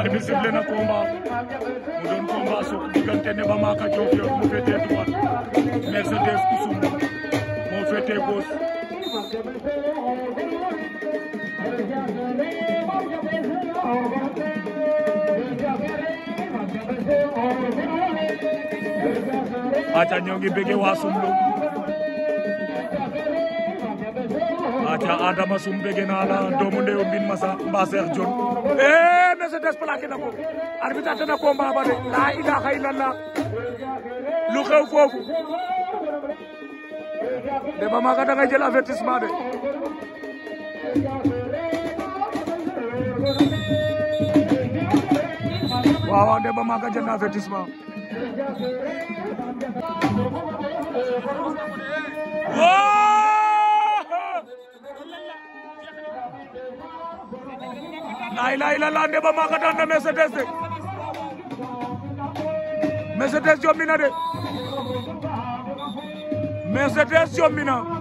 arbitre bi sifflé na combat mu doon combat su diggante Neba mu féetee droite Mercedes Kousouma moo féetee gauche aca ñoo ngi bëgg waa Soumlou aca Adama Soum bëgg naa la doomu ndeyu Mbine Massa Mbasseex Mercedes desplaqué na ko arbitre atte na de laa ilaaha illallah lu xew foofu de ba maaga da jël avertissement de waaw de ba maaga jël na laa ilaaha illallaah Ndéba maa ko daan na Mercedes de Mercedes yombi na de Mercedes yombi na